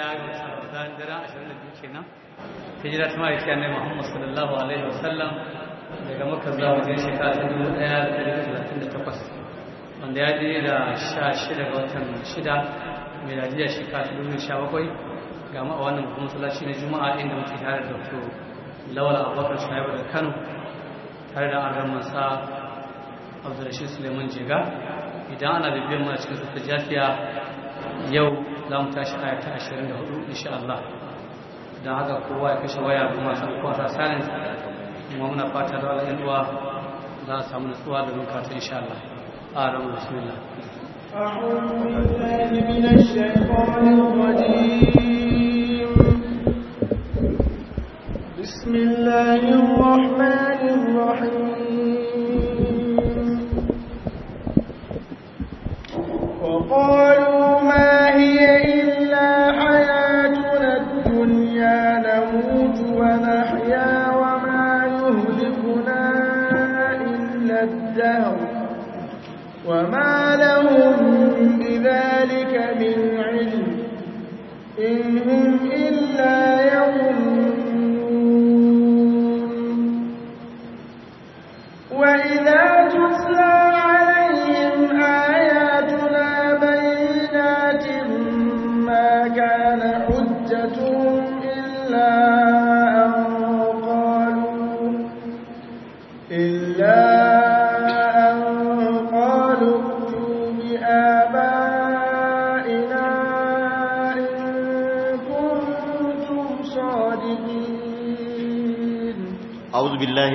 da kenan hijira ta mahaifi ne muhammad sallallahu alaihi wasallam daga makar zuwa wajen shekara ta dubu daya da dari da takwas wanda ya je da sha shida ga watan shida mai miladiyar shekara ta dubu sha bakwai ga ma'a wannan kuma salashi na juma'a inda mutu tare da dr lawal abubakar shaibu da kano tare da an masa abdulrashid suleiman jega idan ana bibiyar mara cikin sassa jafiya yau za mu tashi aya ta 24 insha Allah don haka kowa ya kashe waya kuma san kowa sa silence kuma muna fata da wala yanuwa za a samu nutsuwa da bukata insha Allah a ran bismillah أعوذ بالله من الشيطان الرجيم بسم الله الرحمن الرحيم وقالوا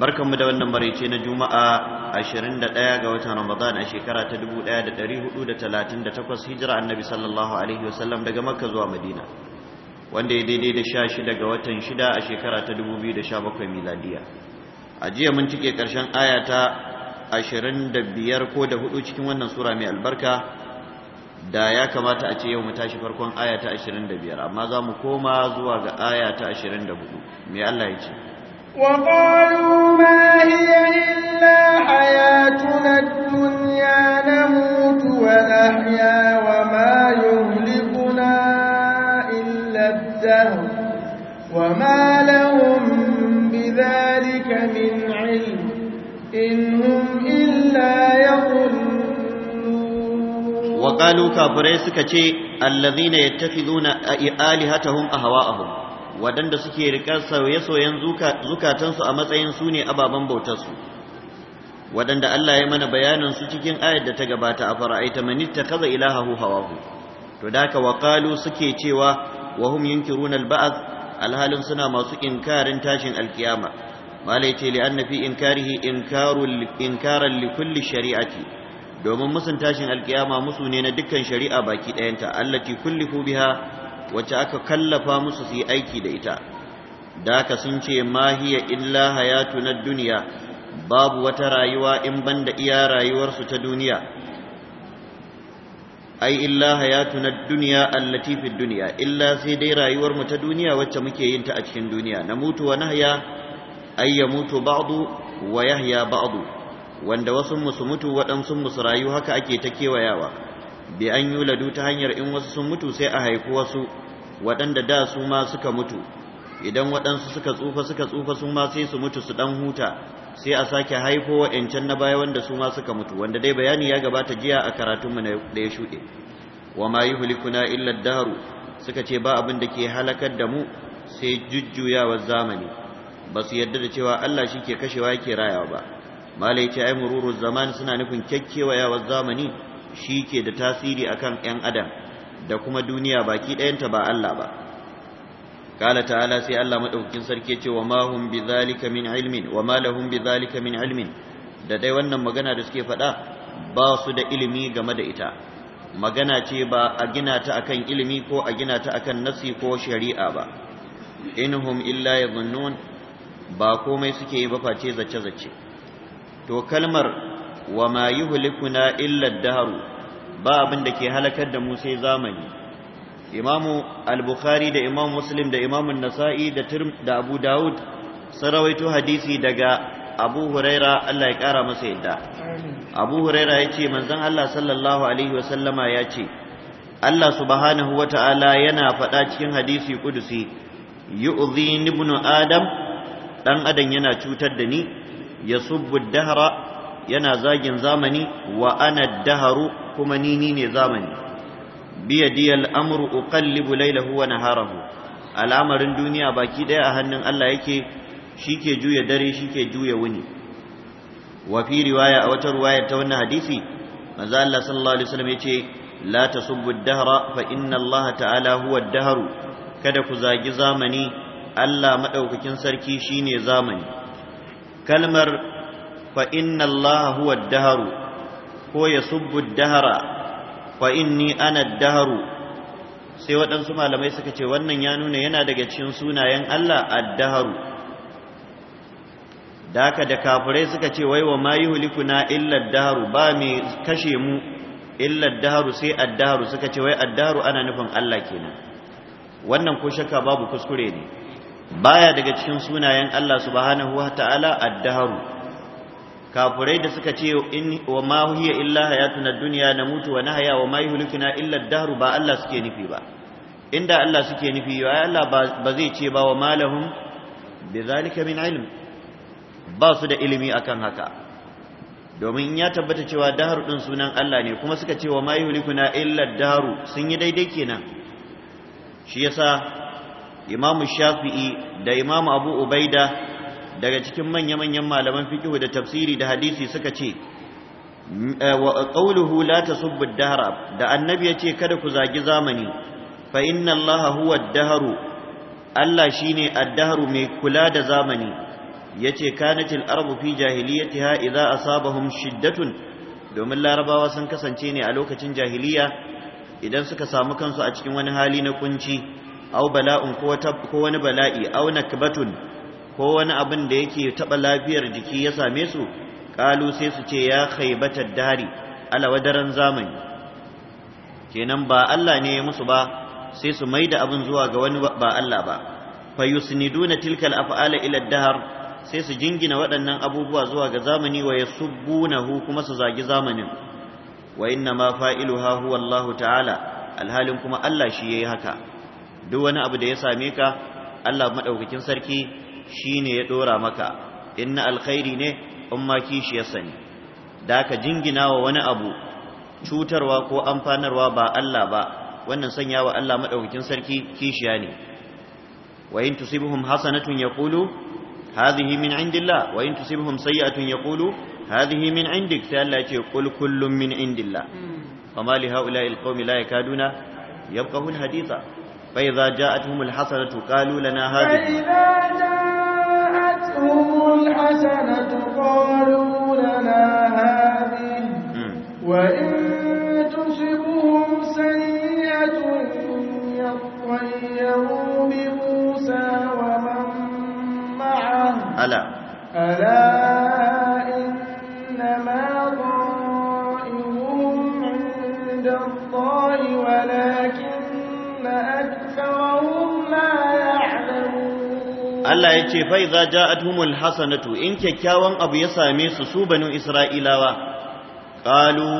barkanmu da wannan maraice na juma'a 21 ga watan ramadan a shekara ta 1438 hijira annabi sallallahu alaihi wasallam daga makka zuwa madina wanda ya daidai da 16 ga watan 6 a shekara ta 2017 miladiya a jiya mun cike karshen aya ta 25 ko da hudu cikin wannan sura mai albarka da ya kamata a ce yau mu tashi farkon aya ta 25 amma za mu koma zuwa ga aya ta 24 mai Allah ya ce وقالوا ما هي إلا حياتنا الدنيا نموت ونحيا وما يهلكنا إلا الدهر وما لهم بذلك من علم إن هم إلا يظنون وقالوا كافرين سكتي الذين يتخذون آلهتهم أهواءهم waɗanda suke riƙar sauye-sauyen zukatansu a matsayin su ne ababen bautarsu waɗanda Allah ya mana bayanin su cikin ayar da ta gabata a fara'aita manitta kaza hawa hawahu to da haka waƙalu suke cewa wa hum yunkirun al alhalun alhalin suna masu inkarin tashin alkiyama malai ce li anna fi inkarihi inkarul inkaran li kulli shari'ati domin musun tashin alkiyama musu ne na dukkan shari'a baki ɗayanta allati kullihu biha wacce aka kallafa musu su yi aiki da ita da ka sun ce mahiya hiya illa hayatu na duniya babu wata rayuwa in banda iya rayuwarsu ta duniya ai illa hayatu na duniya allati duniya illa sai dai rayuwarmu ta duniya wacce muke yin ta a cikin duniya na mutu wa nahya ay yamutu ba'du wa yahya ba'du wanda wasu musu mutu waɗansu musu rayu haka ake ta kewayawa bi an yuladu ta hanyar in wasu sun mutu sai a haifi wasu waɗanda da su ma suka mutu idan waɗansu suka tsufa suka tsufa su ma sai su mutu su ɗan huta sai a sake haifo 'yancan na baya wanda su ma suka mutu wanda dai bayani ya gabata jiya a karatunmu da ya shuɗe wa ma yi hulikuna illa daru suka ce ba abin da ke halakar da mu sai jujjuyawar zamani ba su yarda da cewa Allah shi ke kashewa yake rayawa ba malai ce ai mururu zaman suna nufin kyakkewayawar zamani shi ke da tasiri akan 'yan adam da kuma duniya baki ɗayanta ba Allah ba Kala ta'ala sai Allah maɗaukin sarki ce wa ma bi zalika min ilmin wa ma bi zalika min ilmin da dai wannan magana da suke faɗa ba su da ilimi game da ita magana ce ba a gina ta akan ilimi ko a gina ta akan nasi ko shari'a ba inhum illa yadhunnun ba komai suke yi ba face zace zace to kalmar wa ma yuhlikuna illa ad-dahr ba abin da ke halakar da mu sai zamani imamu al-bukhari da imam muslim da imam an-nasa'i da da abu daud sarawaito hadisi daga abu huraira Allah ya kara masa yadda abu huraira ya ce manzon Allah sallallahu alaihi wa sallama ya Allah subhanahu wa ta'ala yana faɗa cikin hadisi kudusi yu'dhi ibnu adam dan adam yana cutar da ni yasubbu dahra yana zagin zamani wa ana daharu kuma ni ne zamani biyadi al'amru uqallibu lailahu wa harahu, al'amarin duniya baki daya a hannun Allah yake ke juya dare ke juya wuni Wafi riwaya a wata riwaya ta wannan hadisi manzo Allah sallallahu alaihi wasallam yace la tasubbu ad-dahra fa inna Allah ta'ala huwa ad-dahru kada ku zagi zamani Allah madaukakin sarki shine zamani kalmar fa inna Allah huwa ad ko yasubbu ad-dahra fa ana sai waɗansu malamai suka ce wannan ya nuna yana daga cikin sunayen Allah ad da haka da kafirai suka ce wai wa ma yuhlikuna illa ad-dahr ba mai kashe mu illar daharu sai ad-dahr suka ce wai ad ana nufin Allah kenan wannan ko shakka babu kuskure ne baya daga cikin sunayen Allah subhanahu wa ta'ala ad kafurai da suka ce in wa ma hiya illa hayatuna dunya mutu wa nahya wa ma yuhlikuna illa ad-dahr ba Allah suke nufi ba inda Allah suke nufi ya Allah ba zai ce ba wa malahum bizalika min ilm ba su da ilimi akan haka domin in ya tabbata cewa dahar din sunan Allah ne kuma suka ce wa ma yuhlikuna illa ad-dahr sun yi daidai kenan shi yasa imamu shafi'i da imamu abu ubaida daga cikin manya-manyan malaman fiqh da tafsiri da hadisi suka ce mm, eh, wa qawluhu la tasubbu ad-dahra da annabi yace kada ku zagi zamani fa inna allaha huwa ad Allah shine ad-dahru mai kula da zamani yace kanatil ardu fi jahiliyatiha idza asabahum shiddatun domin larabawa sun kasance ne a lokacin jahiliya idan suka samu kansu a cikin wani hali na kunci au bala'un ko wani bala'i 'Aunakbatun!' nakbatun ko wani abin da yake taɓa lafiyar jiki ya same su Kalu sai su ce ya khaibatar dari alawadaran zamani kenan ba Allah ne ya musu ba sai su mai da abin zuwa ga wani ba Allah ba fa yusniduna tilkal af'ala ila dahar sai su jingina waɗannan abubuwa zuwa ga zamani wa yasubbunahu kuma su zagi zamanin wa inna ma fa'iluha huwa Allah ta'ala alhalin kuma Allah shi yayi haka duk wani abu da ya same ka Allah madaukakin sarki Shi ne ya ɗora maka in na alkhairi ne in ma kishi ya sani da ka jingina wa wani abu cutarwa ko amfanarwa ba Allah ba wannan sanya wa Allah madaukakin sarki kishiya ne wa in tusibuhum hasanatun yaqulu hadhihi min indillah wa in tusibuhum sayi'atun yaqulu hadhihi min indik sai Allah yake qul kullum min indillah hmm. fama li haula'i alqawmi la yakaduna yabqahu alhaditha fa idza ja'atuhum alhasanatu qalu lana hadhihi جاءتهم الحسنة قالوا لنا هذه وإن تصبهم سيئة يطيروا بموسى ومن معه ألا ألا إنما Allah ya ce fa idza ja'atuhumul hasanatu in kyakkyawan abu ya same su su banu isra'ilawa qalu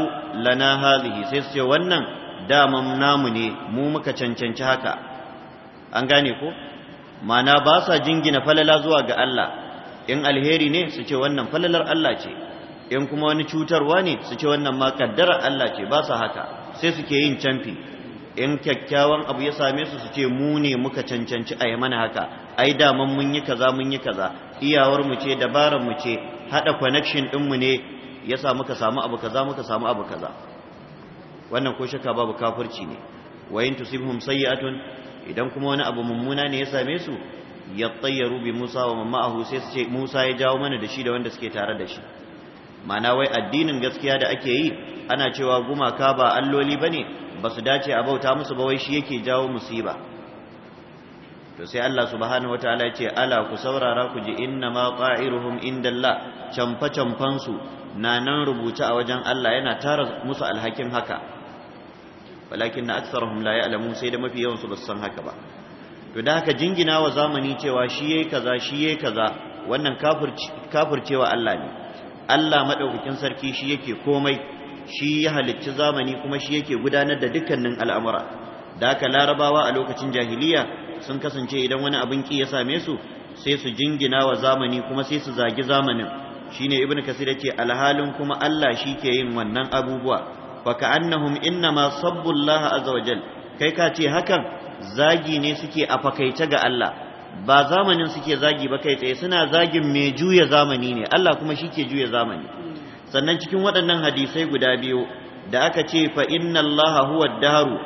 lana hadhihi sai su ce wannan daman namu ne mu muka cancanci haka an gane ko mana ba sa jingina falala zuwa ga Allah in alheri ne su ce wannan falalar Allah ce in kuma wani cutarwa ne su ce wannan ma kaddara Allah ce ba sa haka sai suke yin camfi. in kyakkyawan abu ya same su su ce mu ne muka cancanci a yi mana haka ai daman mun yi kaza mun yi kaza iyawar mu ce dabarar mu ce hada connection din mu ne yasa muka samu abu kaza muka samu abu kaza wannan ko shaka babu kafirci ne wa in tusibhum sayi'atun idan kuma wani abu mummuna ne ya same su ya tayyaru bi Musa wa man ma'ahu sai su ce Musa ya jawo mana da shi da wanda suke tare da shi ma'ana wai addinin gaskiya da ake yi ana cewa gumaka ba alloli bane ba su dace a bauta musu ba wai shi yake jawo musiba to sai Allah subhanahu wataala ya ce ala ku saurara ku ji inna ma qa'iruhum indallah camfa champan su na nan rubuta a wajen Allah yana tara musu alhakin haka walakin aktharuhum la ya'lamu sai da mafi yawan su ba san haka ba to da haka jingina wa zamani cewa shi yayi kaza shi yayi kaza wannan kafircewa Allah ne Allah madaukakin sarki shi yake komai shi ya halicci zamani kuma shi yake gudanar da dukkanin al'amura da aka larabawa a lokacin jahiliya sun kasance idan wani abin ki ya same su sai su jingina wa zamani kuma sai su zagi zamanin shine ibnu kasir yace alhalin kuma Allah shi ke yin wannan abubuwa fa ka'annahum innama sabbu Allah azza wajal kai ka ce hakan zagi ne suke a fakaice ga Allah ba zamanin suke zagi ba kai tsaye suna zagin mai juya zamani ne Allah kuma shi ke juya zamani sannan cikin waɗannan hadisai guda biyu da aka ce fa inna allaha huwa daharu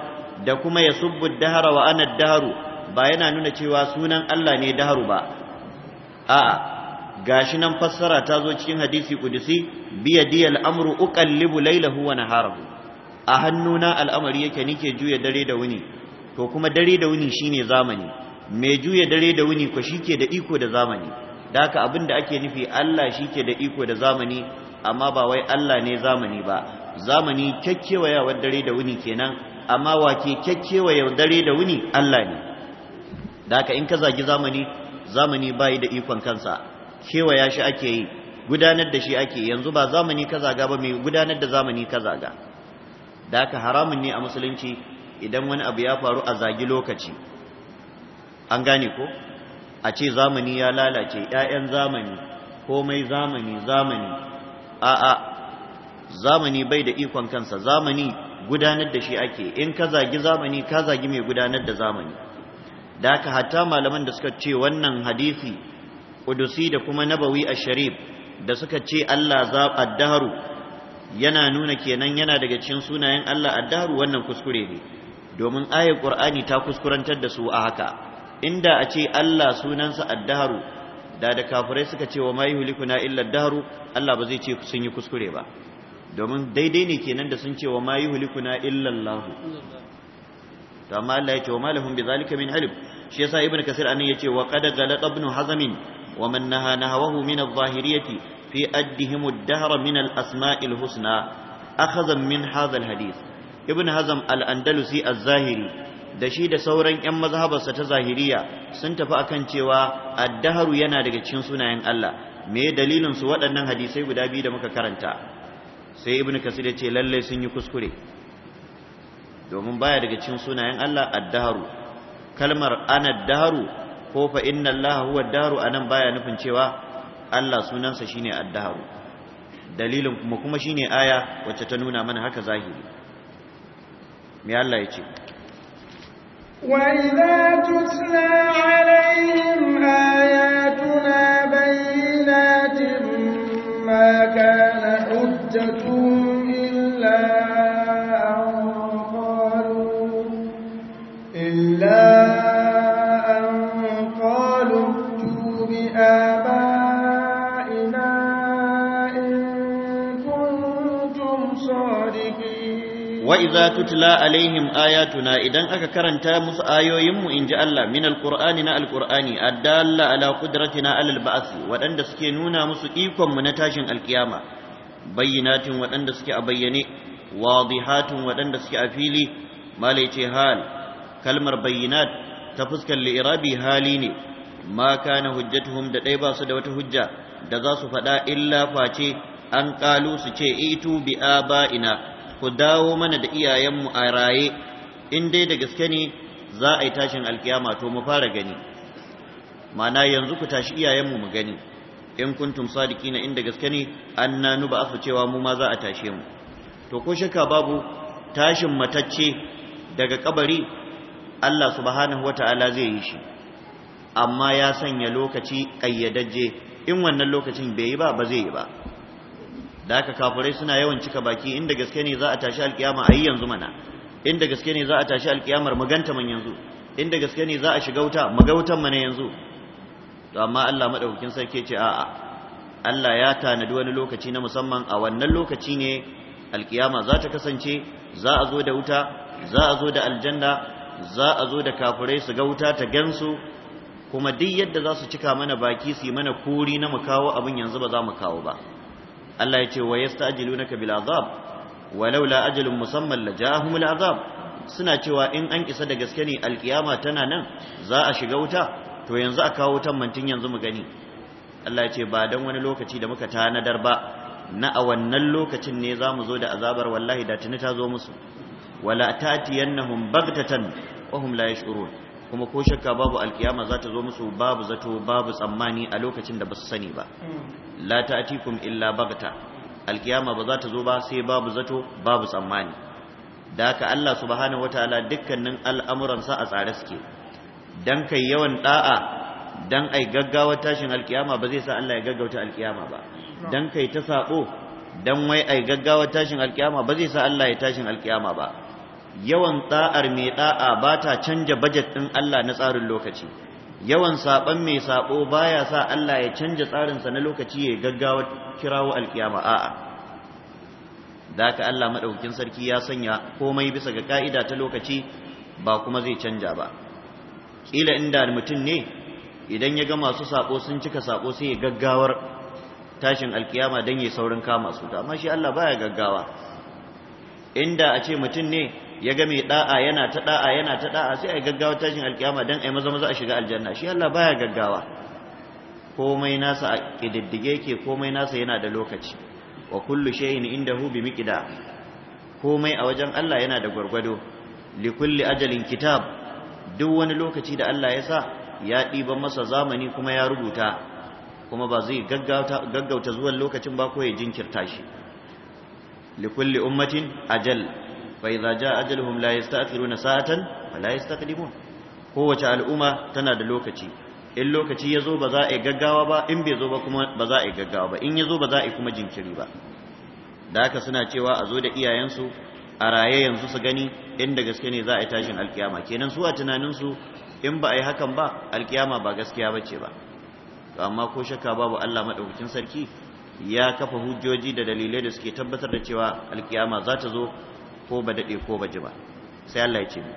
da kuma yasubbu dahara wa ana daharu ba yana nuna cewa sunan Allah ne daharu ba a'a gashi nan fassara ta zo cikin hadisi kudusi al amru uqallibu lailahu wa naharahu a hannuna al'amari yake nike juya dare da wuni to kuma dare da wuni shine zamani mai juya dare da wuni ko shike da iko da zamani da haka abin da ake nufi Allah shike da iko da zamani amma ba wai Allah ne zamani ba zamani kyakkewayawar dare da wuni kenan amma wake kyakkewayawar dare da wuni Allah ne da haka in ka zagi zamani zamani bai da ikon kansa kewaya shi ake yi gudanar da shi ake yanzu ba zamani ka zaga ba mai gudanar da zamani ka zaga da haka haramun ne a musulunci idan wani abu ya faru a zagi lokaci an gane ko a ce zamani ya lalace 'ya'yan zamani komai zamani zamani a'a zamani bai da ikon kansa zamani gudanar da shi ake in ka zagi zamani ka zagi mai gudanar da zamani da haka hatta malaman da suka ce wannan hadisi kudusi da kuma nabawi a sharif da suka ce Allah addaharu yana nuna kenan yana daga cikin sunayen Allah addaharu wannan kuskure ne domin ayar ƙur'ani ta kuskurantar da su a haka inda a ce Allah sunansa addaharu da da kafirai suka ce wa mai na illa dahru Allah ba zai ce sun yi kuskure ba domin daidai ne kenan da sun ce wa mai hulikuna illa Allah to amma Allah ya ce wa malahum bidhalika min ilm shi yasa ibnu kasir ya yace wa qad galata hazamin. hazm wa man naha nahawahu min adh-dhahiriyyati fi addihim ad-dahr min al asmail husna akhadha min hadha al-hadith ibn hazm al-andalusi az-zahiri da shi da sauran 'yan mazhabarsa ta zahiriya sun tafi akan cewa addaharu yana daga cikin sunayen Allah me dalilin su waɗannan hadisai guda biyu da muka karanta sai ibnu kasir ya ce lalle sun yi kuskure domin baya daga cikin sunayen Allah addaharu kalmar ana daharu ko fa inna Allah huwa daharu anan baya nufin cewa Allah sunansa shine addaharu dalilin kuma kuma shine aya wacce ta nuna mana haka zahiri me Allah ya ce وإذا تتلى عليهم آياتنا بينات ما كان حجتهم wa idza tutla alaihim tuna, idan aka karanta musu ayoyin mu inji Allah min alqur'ani na alqur'ani addalla ala qudratina alal ba'th wadanda suke nuna musu ikon mu na tashin alkiyama bayyinatin wadanda suke a bayyane wadihatun wadanda suke a fili malai hal kalmar bayyana ta fuskar li'irabi hali ne maka na hujja tuhum da ɗaya basu da wata hujja da za su faɗa illa face an kalu su ce itu ba ina. ku dawo mana da iyayenmu a raye in dai da gaske ne za a yi tashin alkiyama to mu fara gani mana yanzu ku tashi iyayenmu mu gani in kuntum na inda gaske ne nanu ba a cewa mu ma za a tashe mu to ko shakka babu tashin matacce daga kabari Allah subhanahu wata'ala zai yi shi amma ya sanya lokaci ƙayyadajje in wannan lokacin bai yi ba ba zai yi ba da aka kafirai suna yawan cika baki inda gaske ne za a tashi alkiyama ayi yanzu mana inda gaske ne za a tashi alkiyamar maganta man yanzu inda gaske ne za a shiga wuta magautan mana yanzu to amma Allah madaukakin sarki ce a'a Allah ya tanadi wani lokaci na musamman a wannan lokaci ne alkiyama za ta kasance za a zo da wuta za a zo da aljanna za a zo da kafirai su ga wuta ta gansu kuma duk yadda za su cika mana baki su yi mana kuri na mu kawo abin yanzu ba za mu kawo ba Allah ya ce wa yasta'jilunaka bil azab walaula ajalun musamman al azab suna cewa in an isa da gaske ne alkiyama tana nan za a shiga wuta to yanzu a kawo wutan mantin yanzu mu gani Allah ya ce ba dan wani lokaci da muka tanadar ba na a wannan lokacin ne za mu zo da azabar wallahi da tuni ta zo musu wala ta'tiyannahum baghtatan wa hum la yash'urun kuma ko shakka babu alkiyama za ta zo musu babu zato babu tsammani a lokacin da ba su sani ba hmm. la ta'tikum illa bagta alkiyama ba za ta zo ba sai babu zato babu tsammani da haka Allah subhanahu wataala dukkanin al'amuransa a tsare suke dan kai yawan da'a dan ai gaggawa tashin alkiyama ba zai sa Allah ya gaggauta alkiyama ba dan kai ta sako dan wai ai gaggawa tashin alkiyama ba zai sa Allah ya tashin alkiyama ba yawan tsa'ar mai ɗa'a ba ta canja bajet ɗin Allah na tsarin lokaci yawan saɓan mai saɓo baya sa Allah ya canja tsarinsa na lokaci ya gaggawa kirawo alƙiyama a'a da ka Allah maɗaukin sarki ya sanya komai bisa ga ƙa'ida ta lokaci ba kuma zai canja ba ƙila inda mutum ne idan ya ga masu saɓo sun cika saɓo sai ya gaggawar tashin alƙiyama don ya saurin kama su amma shi Allah baya gaggawa inda a ce mutum ne ya ga mai da'a yana ta da'a yana ta da'a sai ai gaggawa tashin alkiyama dan ai maza maza a shiga aljanna shi Allah baya gaggawa komai nasa a ƙididdige yake komai nasa yana da lokaci wa kullu shay'in indahu bi miƙida. komai a wajen Allah yana da gwargwado li kulli ajalin kitab duk wani lokaci da Allah ya sa ya ɗiban masa zamani kuma ya rubuta kuma ba zai gaggauta zuwa lokacin ba ko ya jinkirta shi likulli ummatin ajal fa idza jaa ajaluhum la yasta'khiruna sa'atan wa la yastaqdimun kowace al'umma tana da lokaci in lokaci ya zo ba za a yi gaggawa ba in bai zo ba kuma ba za a yi gaggawa ba in ya zo ba za a yi kuma jinkiri ba da haka suna cewa a zo da iyayensu a raye yanzu su gani inda gaske ne za a yi tashin alkiyama kenan su a tunaninsu in ba a yi hakan ba alkiyama ba gaskiya ba ce ba to amma ko shakka babu Allah madaukakin sarki ya kafa hujjoji da dalilai da suke tabbatar da cewa alkiyama za ta zo ko ba daɗe ko ba ji sai Allah ya ce mu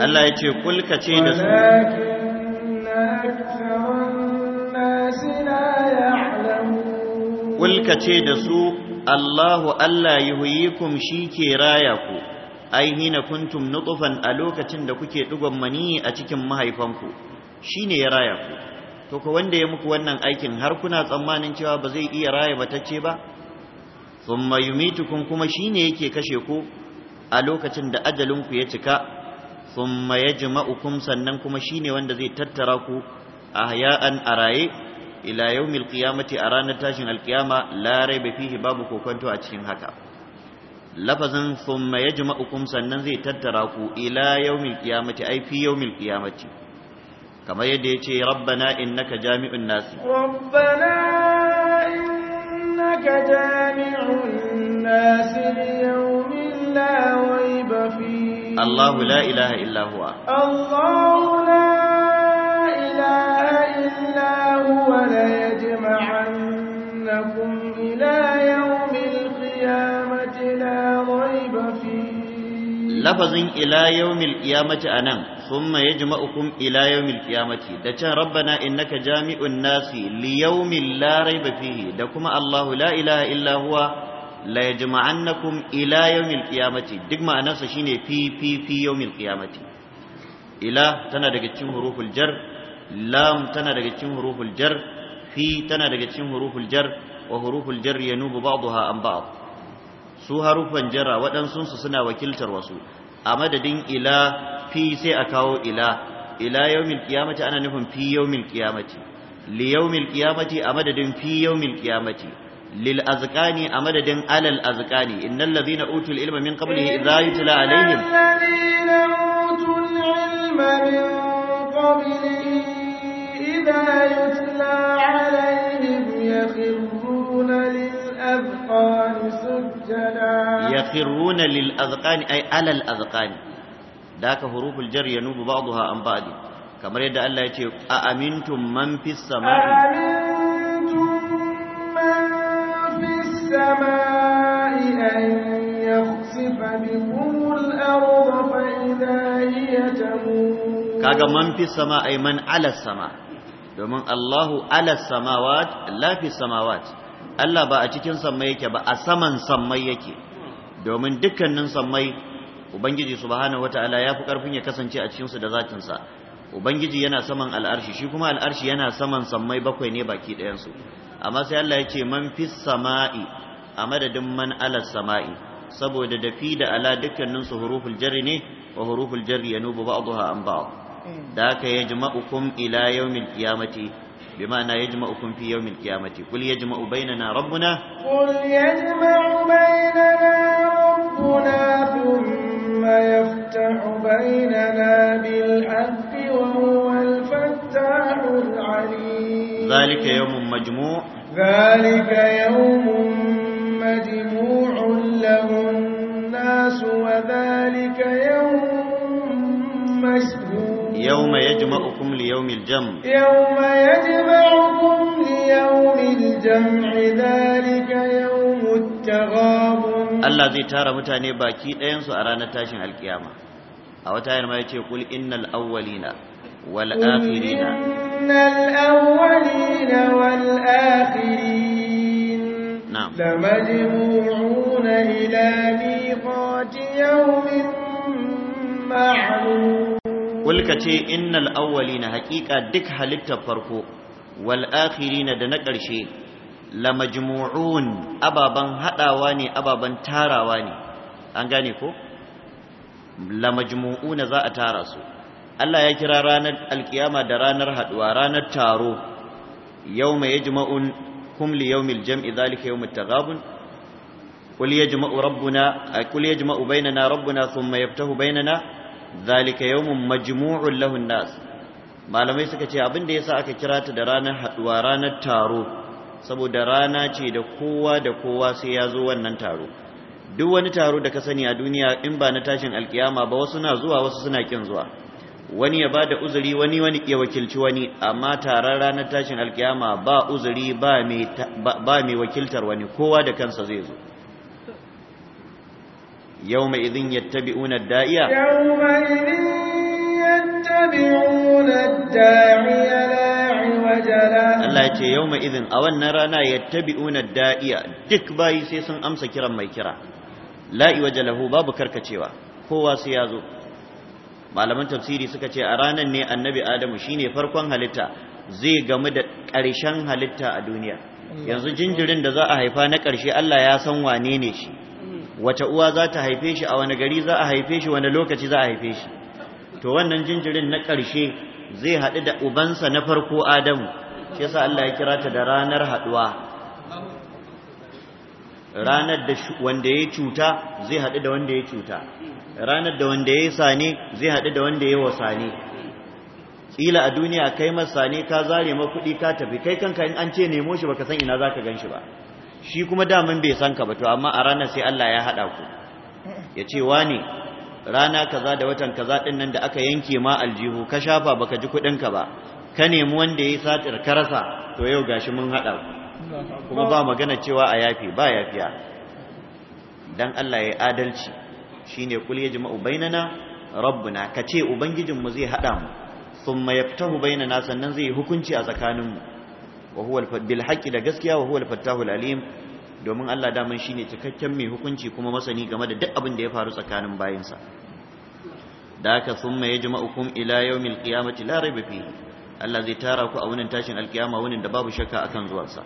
Allah ya ce kul ce da su kul ce da su Allahu Allah yuhyikum shi ke raya ku ai hina kuntum nutfan a lokacin da kuke digon mani a cikin mahaifanku shine ya raya ku to ko wanda ya muku wannan aikin har kuna tsammanin cewa ba zai iya raya batacce ba thumma yumitukum kuma shine yake kashe ku a lokacin da ajalinku ya cika thumma yajma'ukum sannan kuma shine wanda zai tattara ku ahya'an araye ila yaumil qiyamati a ranar tashin alqiyama la raiba fihi babu kokonto a cikin haka lafazin thumma yajma'ukum sannan zai tattara ku ila yawmil qiyamati ai fi yawmil qiyamati kamar yadda yace rabbana innaka jami'un nas rabbana innaka jami'un nas liyawmin la rayba fihi Allah la ilaha illa huwa Allah la ilaha illa huwa la yajma'annakum ila yawm lafazin ila yawmil qiyamati anan thumma yajma'ukum ila yawmil qiyamati da can rabbana innaka jami'un nasi li yawmin la rayba fihi da kuma Allahu la ilaha illa huwa la yajma'annakum ila yawmil qiyamati duk ma'anarsa shine fi fi fi yawmil qiyamati ila tana daga cikin huruful jar lam tana daga cikin huruful jar fi tana daga cikin huruful jar wa huruful jar yanubu ba'daha an ba'd su harufan jara waɗansunsu suna wakiltar wasu a madadin ila fi sai a kawo ila ila yaumil kiyamati ana nufin fi yaumil kiyamati li yaumil kiyamati a madadin fi yaumil kiyamati lil azqani a madadin alal azqani innal ladhina utul ilma min qablihi idha yutla alaihim utul ilma min qablihi idha yutla alaihim yakhruna lil الأذقان سجدا يخرون للأذقان أي على الأذقان ذاك حروف الجر ينوب بعضها عن بعض كما يدعى الله يتي أأمنتم من في السماء أأمنتم من في السماء أن يخسف بكم الأرض فإذا هي تمور كاغا من في السماء أي من على السماء domin Allahu ala samawat la fi samawat Allah ba a cikin sammai yake ba a saman sammai yake domin dukkanin sammai ubangiji subhanahu wataala ya fi karfin ya kasance a cikin su da zatin sa ubangiji yana saman al'arshi shi kuma al'arshi yana saman sammai bakwai ne baki ɗayan su amma sai Allah ya ce man fis sama'i a madadin man alas sama'i saboda da fi da ala dukkanin su huruful jarri ne wa huruful jarri yanubu ba'daha an ba'd da ka yajma'ukum ila yawmil qiyamati بمعنى يجمعكم في يوم القيامة قل يجمع بيننا ربنا قل يجمع بيننا ربنا ثم يفتح بيننا بالحق وهو الفتاح العليم ذلك يوم مجموع ذلك يوم مجموع له الناس وذلك يوم مشهور يوم يجمع يجمعكم ليوم الجمع يوم يجمعكم ليوم الجمع ذلك يوم التغابن الله زي تارى متاني باكي دين سو ارانا تاشن القيامه او تاير ما يجي قل ان الاولين والاخرين ان الاولين والاخرين نعم لمجموعون الى ميقات يوم معلوم kulka ce innal na haƙiƙa duk halittar farko wal na da na ƙarshe lamajmu'un ababan haɗawa ne ababan tarawa ne an gane ko lamajmu'una za a tara su Allah ya kira ranar alkiyama da ranar haduwa ranar taro yau yawma yajma'un kumli li yawmil jam'i zalika yawmut taghabun قل يجمع ربنا قل يجمع بيننا ربنا ثم يفتح بيننا zalika yawmun majmu'un lahun nas malamai suka ce abin da yasa aka kira ta da ranar haduwa ranar taro saboda rana ce da kowa da kowa sai ya zo wannan taro duk wani taro da ka sani a duniya in ba na tashin alkiyama ba wasu na zuwa wasu suna kin zuwa wani ya bada uzuri wani wani ya wakilci wani amma taron ranar tashin alkiyama ba uzuri ba mai wakiltar wani kowa da kansa zai zo يوم إذن يتبعون الدائية يوم إذن يتبعون الداعي لا عوج له الله يتي يوم إذن أولنا رانا يتبعون الدائية دك باي سيسن أمس كرا ما كرا لا عوج له باب كركتشيوا هو سيازو malaman tafsiri suka ce a ranar ne annabi adamu shine farkon halitta zai gamu da ƙarshen halitta a duniya yanzu jinjirin da za a haifa na ƙarshe Allah ya san wane ne shi Wata uwa za ta haife shi a wani gari za a haife shi wani lokaci za a haife shi to wannan jinjirin na ƙarshe zai haɗu da ubansa na farko adamu shi yasa Allah ya kira ta da ranar haɗuwa ranar da wanda ya cuta zai haɗu da wanda ya cuta ranar da wanda ya sane zai haɗu da wanda ya yi wa sane. ƙila a duniya kai masa sane ka zare ma ka tafi kai kanka in an ce nemo shi baka san ina za ka gan shi ba shi kuma daman bai san ka ba to amma a ranar sai Allah ya haɗa ku ya ce wani rana kaza da watan kaza din nan da aka yanke ma aljihu ka shafa baka ji ka ba ka nemi wanda ya yi satir ka rasa to yau gashi mun haɗa ku kuma ba magana cewa a yafi ba yafiya dan Allah ya adalci shine kul yajma'u bainana rabbuna ka ce ubangijinmu zai haɗa mu thumma yaftahu bainana sannan zai hukunci a tsakaninmu Bilhaƙi da gaskiya wa huwa al fattahul alim domin Allah daman shine cikakken mai hukunci kuma masani game da duk abin da ya faru tsakanin bayinsa da haka thumma hukum ila yau qiyamati la rayba Allah zai tara ku a wannan tashin alkiyama wannan da babu shakka akan zuwansa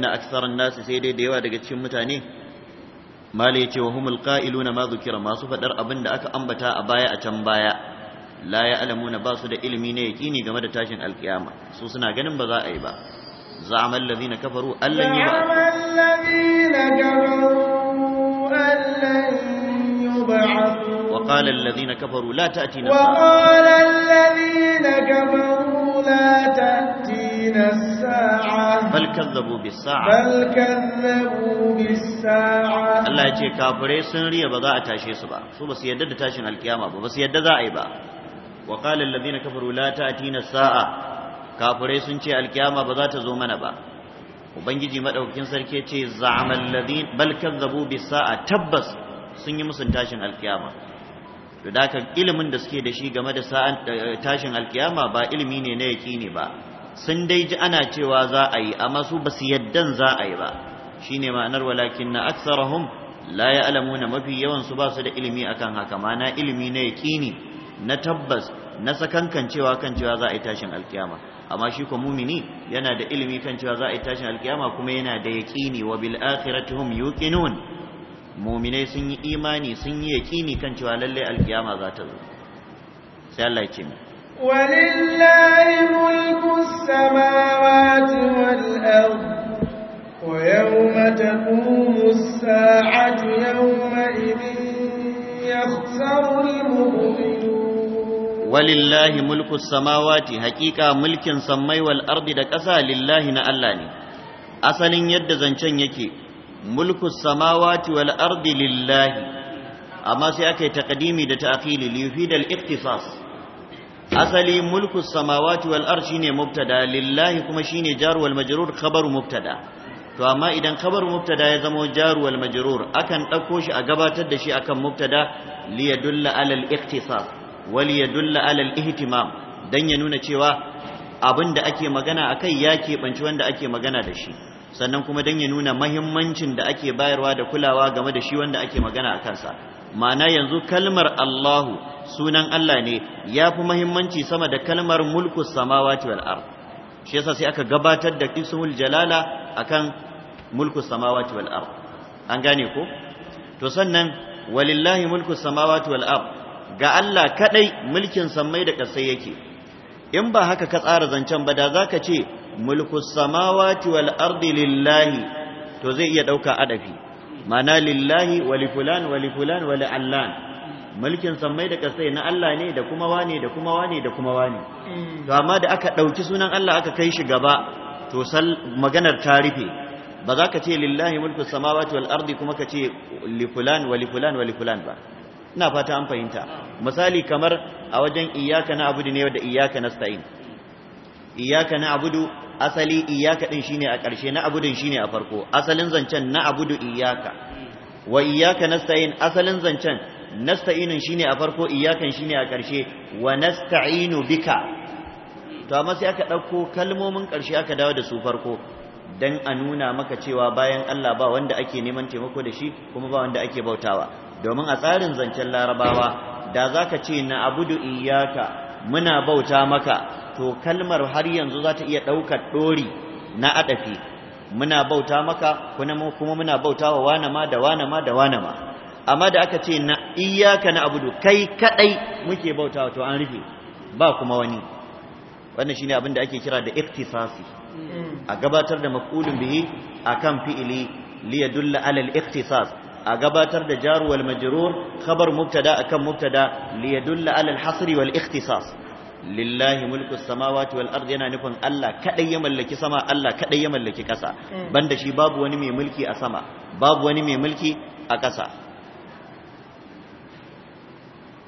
na aktharan nasu sai dai da yawa daga cikin mutane mala yace wa humul qa'iluna ma dhukira masu faɗar abin da aka ambata a baya a can baya la ya alamuna ba su da ilimi ne yaƙini game da tashin alƙiyama su suna ganin ba za a yi ba za a mallazi na kafaru allon yi ba wa ƙalar lalazi na kafaru la ta ati bal kazzabu bis sa'a bal kazzabu bis sa'a Allah ce kafirai sun riya ba za a tashe su ba su ba su yadda da tashin alkiyama ba su yadda za a yi ba wa qala alladhina kafaru la ta'tina sa'a kafurai sun ce alkiyama ba za ta zo mana ba ubangiji madaukakin sarki ce za'amal ladhin bal kazzabu bis sa'a tabbas sun yi musun tashin alkiyama to da haka ilimin da suke da shi game da sa'an eh, tashin alkiyama ba ilimi ne na yaqini ba sun dai ji ana cewa za a yi amma su basu yaddan za a yi ba shine ma'anar walakin na aksarahum alamu na mafi yawan su basu da ilimi akan haka mana ilimi na yaqini na tabbas na sakankan cewa kan cewa za a yi tashin alkiyama amma shi ko mumini yana da ilimi kan cewa za a yi tashin alkiyama kuma yana da yaqini wa bil akhirati hum yuqinun muminai sun yi imani sun yi yaqini kan cewa lalle alkiyama za ta zo sai Allah ya ce ولله ملك السماوات والأرض sa'atu yawma idhin yakhsaru al المؤمنين walillahi mulku samawati haƙiƙa mulkin sammai wal ardi da ƙasa lillahi na Allah ne asalin yadda zancen yake mulku samawati wal ardi lillahi amma sai aka yi taqdimi da ta'khili li ikhtisas asali mulku samawati wal ardi shine mubtada lillahi kuma shine jar wal majrur khabaru mubtada to amma idan khabaru mubtada ya zama jar wal majrur akan dauko shi a gabatar da shi akan mubtada li yadulla alal al ikhtisas wal yadulla alal ihtimam dan ya nuna cewa abin da ake magana akai ya keɓanci wanda ake magana da shi sannan kuma dan ya nuna mahimmancin da ake bayarwa da kulawa game da shi wanda ake magana a kansa ma'ana yanzu kalmar Allahu sunan Allah ne ya fi mahimmanci sama da kalmar mulku samawati wal ard shi yasa sai aka gabatar da ismul jalala akan mulku samawati wal ard an gane ko to sannan walillahi mulku samawati wal ard ga Allah kadai mulkin sammai da ƙasai yake in ba haka ka tsara zancen ba da zaka ce mulku samawati wal ardi lillahi to zai iya dauka adafi mana lillahi wa li fulan wa li fulan wa li allan mulkin sammai da ƙasai na Allah ne da kuma wane da kuma wane da kuma wane to amma da aka dauki sunan Allah aka kai shi gaba to sal maganar ta rufe ba za ka ce lillahi mulku samawati wal ardi kuma ka ce li fulan wali fulan wa fulan ba ina fata an fahimta misali kamar a wajen iyyaka abudu ne da iyyaka nasta'in iyyaka abudu asali iyyaka din shine a ƙarshe na'budun shine a farko asalin zancen abudu iyyaka wa iyyaka nasta'in asalin zancen nasta'inun shine a farko iyyakan shine a ƙarshe wa nasta'inu bika to amma sai aka ɗauko kalmomin ƙarshe aka dawo da su farko dan a nuna maka cewa bayan Allah ba wanda ake neman taimako da shi kuma ba wanda ake bautawa domin a tsarin zancen larabawa da za ka ce na abudu iyaka muna bauta maka to kalmar har yanzu za ta iya ɗaukar ɗori na adafi muna bauta maka kuma muna bauta wa wane ma da wane da wane amma da aka ce na iyaka na abudu kai kaɗai muke bauta to an rufe ba kuma wani wannan shine abin da ake kira da iktisasi a gabatar da maf'ulun bihi akan fi'ili li yadulla ala a gabatar da jaru wal majrur khabar mubtada akan mubtada li yadulla ala al hasr wal ikhtisas lillahi mulku samawati wal ardi yana nufin Allah kadai ya mallaki sama Allah kadai ya mallaki kasa mm. banda shi babu wani mai mulki a sama babu wani mai mulki a kasa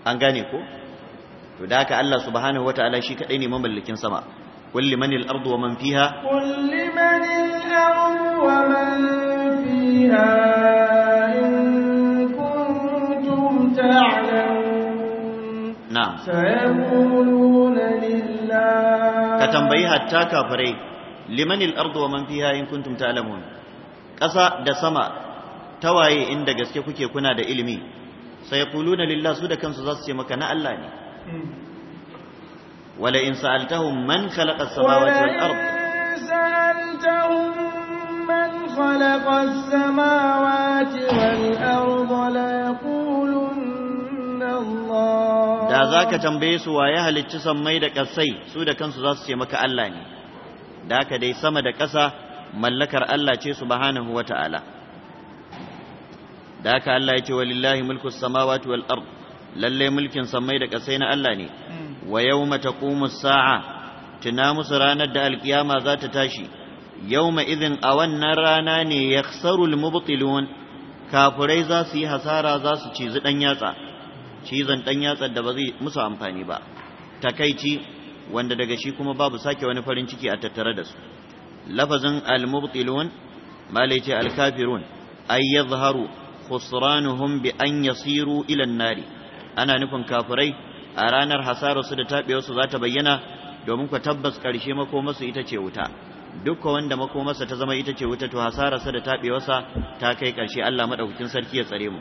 an gane ko to da haka Allah subhanahu wataala shi kadai ne mamallakin sama kulli manil ardu wa man fiha kulli manil ardu wa man fiha يعلمون نعم سيقولون لله كتنبي حتى كافري لمن الأرض ومن فيها إن كنتم تعلمون ƙasa da sama tawaye inda gaske kuke kuna da ilimi sai kuluna lillah su da kansu za su ce maka na Allah ne wala in sa'altahum man khalaqa as-samawati wal ard sa'altahum man khalaqa as-samawati wal ard la yaqul da za ka tambaye su waye halicci sammai da ƙasai su da kansu za su ce maka Allah ne da haka dai sama da ƙasa mallakar Allah ce subhanahu wa ta'ala da haka Allah ya ce walillahi mulku samawati wal ard lalle mulkin sammai da ƙasai na Allah ne hmm. wa yawma taqumu sa'a tuna musu ranar da alkiyama za ta tashi yawma idhin a wannan rana ne yakhsaru al mubtilun kafurai za su yi hasara za su cizi ɗan yatsa cizon dan yatsa da ba zai musu amfani ba takaici wanda daga shi kuma babu sake wani farin ciki a tattare da su lafazin al-mubtilun malaiti al-kafirun ay yadhharu khusranuhum bi an yasiru ila an-nari ana nufin kafirai a ranar hasararsu da taɓewarsu za ta bayyana domin ku tabbas ƙarshe masu ita ce wuta duka wanda makomarsa ta zama ita ce wuta to hasararsa da tabewarsa ta kai karshe Allah madaukakin sarki ya tsare mu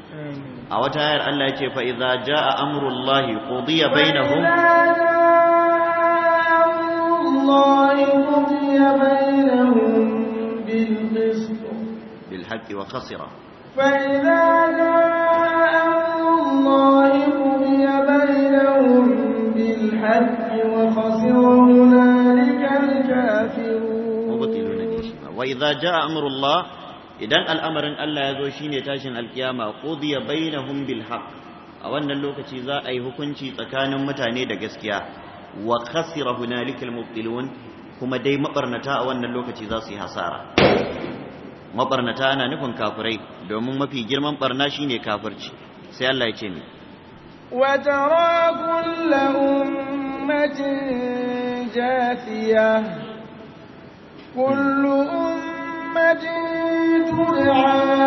a wata ayar Allah yake fa idza jaa amrullahi qudiya bainahum الله قضي بينهم بالقسط بالحق وخسر فإذا جاء الله قضي بينهم بالحق وخسر idza jaa amrullah idan al'amarin Allah ya zo shine tashin alkiyama qudiya bainahum bil haqq a wannan lokaci za a yi hukunci tsakanin mutane da gaskiya wa khasira hunalika kuma dai mabarnata a wannan lokaci za su yi hasara mabarnata na nufin kafurai domin mafi girman barna shine kafirci sai Allah ya ce ni وترى كل أمة جاثية كل أمة تدعى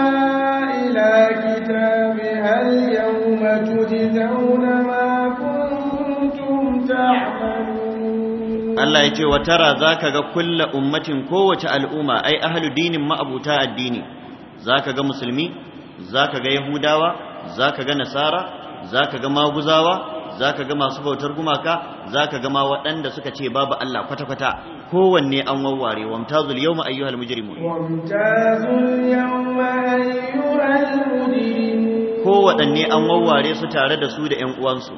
إلى كتابها اليوم تجزون ما كنتم تعملون الله يجي وترى ذاك كل أمة قوة الأمة أي أهل دين ما أبوتا الدين ذاك مسلمي ذاك يهوداوة ذاك نصارى ga maguzawa Za ka ga masu bautar gumaka za ka gama waɗanda suka ce babu Allah kwata-kwata kowanne an wawware wa yawma ayyuhal mujrimun wamtazul yawma ayyuhal kowanne an wawware su tare da su da 'yan uwansu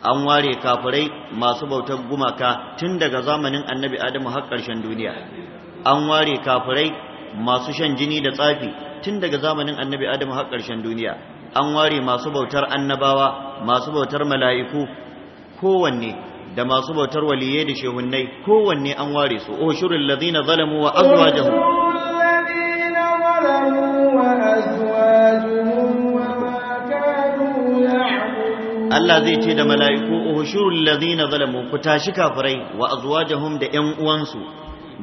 an ware kafirai masu bautar gumaka tun daga zamanin annabi adamu har ƙarshen duniya an ware kafirai masu shan jini da tsafi tun daga zamanin annabi adamu har ƙarshen duniya an ware masu bautar annabawa masu bautar mala'iku kowanne da masu bautar waliye da shehunnai kowanne an ware su shirin lazina zalamu wa azwajuhum Allah zai ce da mala'iku shirin lazina zalamu ku tashi kafirai wa azwajuhum da 'yan uwansu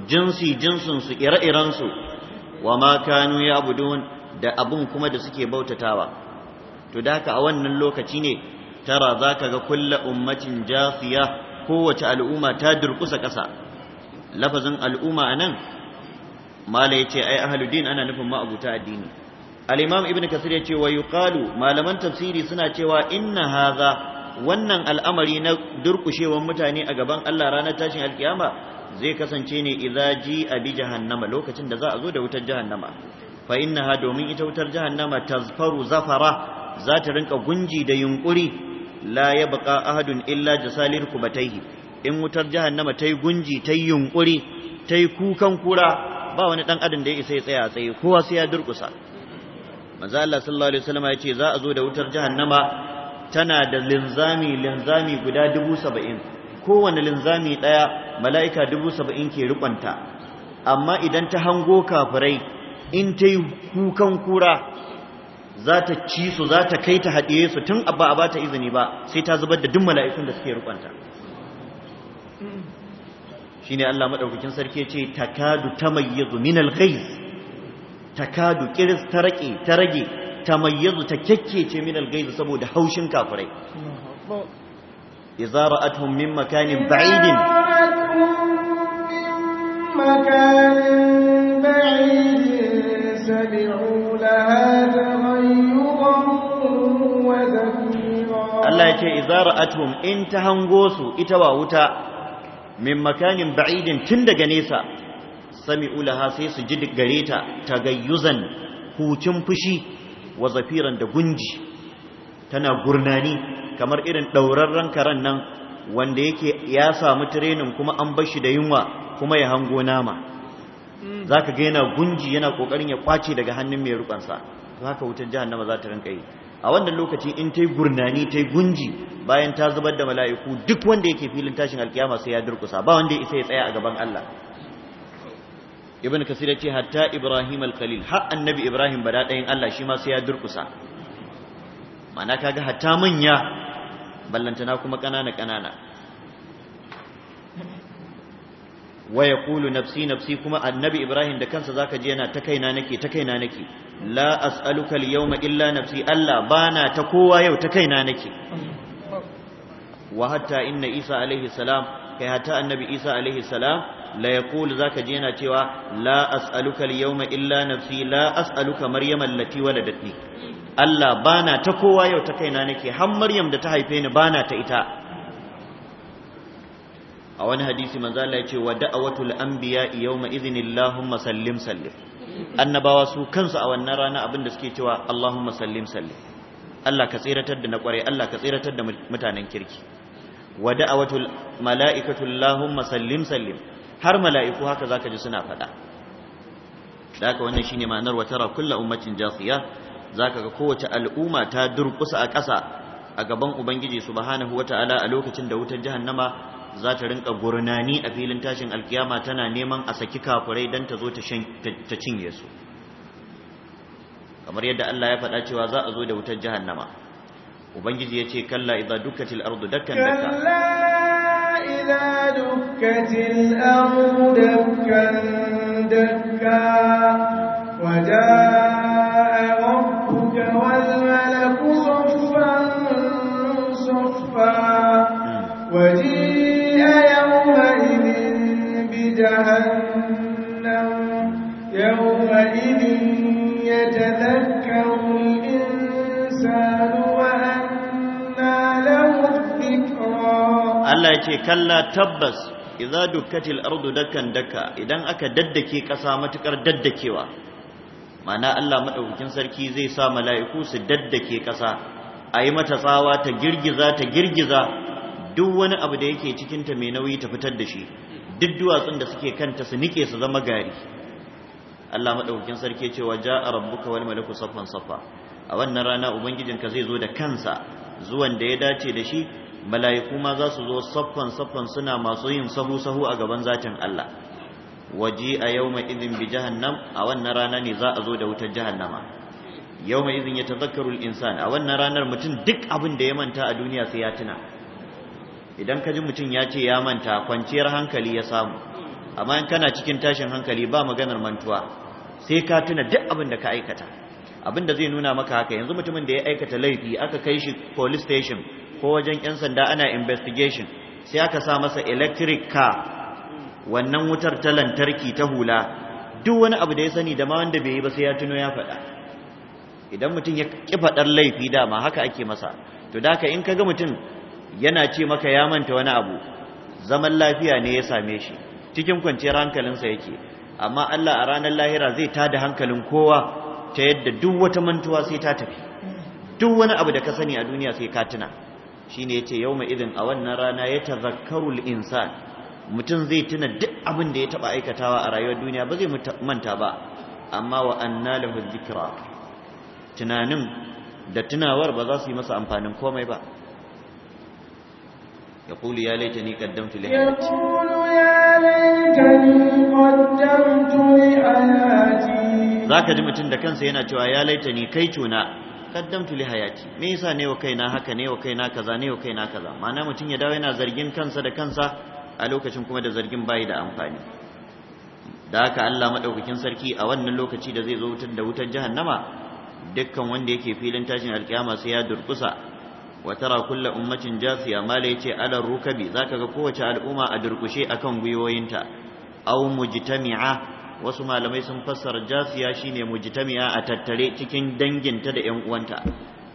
jinsi jinsinsu ire-iren su wa ma kanu ya'budun da abun kuma da suke bautatawa to da haka a wannan lokaci ne tara ka ga kulla ummatin jafiya kowace al'umma ta durkusa ƙasa lafazin al'umma anan mala ce ai ahludin ana nufin ma'abuta addini Alimam Ibn ibnu kasir ce wa yuqalu malaman tafsiri suna cewa inna haza wannan al'amari na durkushewan mutane a gaban Allah ranar tashin alkiyama zai kasance ne izaji ji a bi jahannama lokacin da za a zo da wutar jahannama fa innaha domin ita wutar jahannama tazfaru zafara za ta rinka gunji da yunƙuri. la ya baka ahadun illa jasalir kubatai in wutar jahannama ta yi gunji ta yi yunkuri ta yi kukan kura ba wani dan adam da ya isa ya tsaya a tsaye kowa sai ya durkusa manzo Allah sallallahu alaihi wasallam ya ce za a zo da wutar jahannama tana da linzami linzami guda dubu saba'in kowane linzami ɗaya mala'ika dubu ke rikonta amma idan ta hango kafirai in ta yi kukan kura za ta ci su za ta kai ta haɗiye su tun abba a ba ta izini ba sai ta zubar da duk mala'ikun da suke rukunta shi ne Allah maɗaukakin sarki ce takadu ta mayyazu min alghaiz takadu kiris ta rage ta rage ta mayyazu ta kyakkece saboda haushin kafirai idza ra'atuhum min makanin ba'idin makanin ba'id Allah yake izara atum in ta hango su ita ba wuta min makanin ba'idin tun daga nesa sami ulaha sai su ji gareta ta tagayyuzan hucin fushi wa zafiran da gunji tana gurnani kamar irin daurarren karen nan wanda yake ya samu tirenin kuma an bashi da yunwa kuma ya hango nama Mm. za ka ga yana gunji yana kokarin ya kwace daga hannun mai rukansa to haka wutar jahannama za ta rinka yi a wannan lokaci in ta yi gurnani ta yi gunji bayan ta zubar da mala'iku duk wanda yake filin tashin alkiyama sai ya durkusa ba wanda ya isa ya tsaya a gaban Allah ibn kasir ya ce hatta ibrahim al-khalil har annabi ibrahim bada ɗayan Allah shi ma sai ya durkusa ma'ana kaga hatta manya ballantana kuma ƙanana ƙanana wa Kulu nafsi nafsi kuma annabi ibrahim da kansa zaka je yana ta kaina nake ta kaina nake la as'aluka al-yawma illa nafsi allah bana ta kowa yau ta kaina nake wa hatta inna isa alayhi salam kai hatta annabi isa alaihi salam la yaqulu zaka je yana cewa la as'aluka al-yawma illa nafsi la as'aluka maryam allati waladatni allah bana ta kowa yau ta kaina nake har maryam da ta haife ni bana ta ita a wani hadisi Manzala ya ce wa da'awatul anbiya yawma idhin Allahumma sallim sallim annabawa su kansu a wannan rana abinda suke cewa Allahumma sallim sallim Allah ka tsiratar da na kware Allah ka tsiratar da mutanen kirki wa da'awatul mala'ikatu Allahumma sallim sallim har mala'iku haka zaka ji suna faɗa da haka wannan shine ma'anar wa tara kullu ummatin jasiya zaka ga kowace al'umma ta durkusa a ƙasa a gaban ubangiji subhanahu wataala a lokacin da wutar jahannama za ta rinka gurnani a filin tashin alkiyama tana neman a saki kafurai don ta zo ta cinye su kamar yadda Allah ya faɗa cewa za a zo da wutar jahannama ubangiji ya ce kalla idan dukkatil ardu dakkan dakka kalla ce kalla tabbas idza dukkatil ardu dakan daka idan aka daddake kasa matukar daddakewa mana Allah madaukakin sarki zai sa mala'iku su daddake kasa ayi mata tsawa ta girgiza ta girgiza duk wani abu da yake cikin ta mai nauyi ta fitar da shi duk duwatsun da suke kanta su nike su zama gari Allah madaukakin sarki ya ce wa ja'a rabbuka wal malaku safan safa, a wannan rana ubangijinka zai zo da kansa zuwan da ya dace da shi mala'iku ma za su zo saffan saffan suna masu yin sahu sahu a gaban zatin Allah Waje a yau mai izin bi jahannam a wannan rana ne za a zo da wutar jahannama mai izin ya tazakkaru al-insan a wannan ranar mutum duk abin da ya manta a duniya sai ya tuna idan ka ji mutum ya ce ya manta kwanciyar hankali ya samu amma in kana cikin tashin hankali ba maganar mantuwa sai ka tuna duk abin da ka aikata abin da zai nuna maka haka yanzu mutumin da ya aikata laifi aka kai shi police station ko wajen 'yan sanda ana investigation sai aka sa masa electric car wannan wutar ta lantarki ta hula duk wani abu da ya sani da ma wanda bai yi ba sai ya tuno ya faɗa idan mutum ya ƙi faɗar laifi dama haka ake masa to da haka in ka ga mutum yana ce maka ya manta wani abu zaman lafiya ne ya same shi cikin kwanciyar hankalinsa yake amma Allah a ranar lahira zai tada hankalin kowa ta yadda duk wata mantuwa sai ta tafi duk wani abu da ka sani a duniya sai ka tuna shine yace yawma idin a wannan rana ya tazakkaru al-insan mutum zai tuna duk abin da ya taba aikatawa a rayuwar duniya ba zai manta ba amma wa anna lahu dhikra tunanin da tunawar ba za su yi masa amfanin komai ba يقول يا ليتني قدمت لحياتي يقول يا ليتني قدمت لحياتي zaka ji mutum da kansa yana cewa ya laita ni kai tuna qaddamtu li hayati me yasa ne wa kaina haka ne wa kaina kaza ne wa kaina kaza ma'ana mutum ya dawo yana zargin kansa da kansa a lokacin kuma da zargin bayi da amfani da haka Allah madaukakin sarki a wannan lokaci da zai zo wutar da wutar jahannama dukkan wanda yake filin tashin alkiyama sai ya durkusa wa tara kullu ummatin jasiya mala yace ala rukabi zaka ga kowace al'umma a durkushe akan gwiwoyinta aw mujtami'a wasu malamai sun fassara jasiya shine mujtami'a a tattare cikin danginta da ƴan uwanta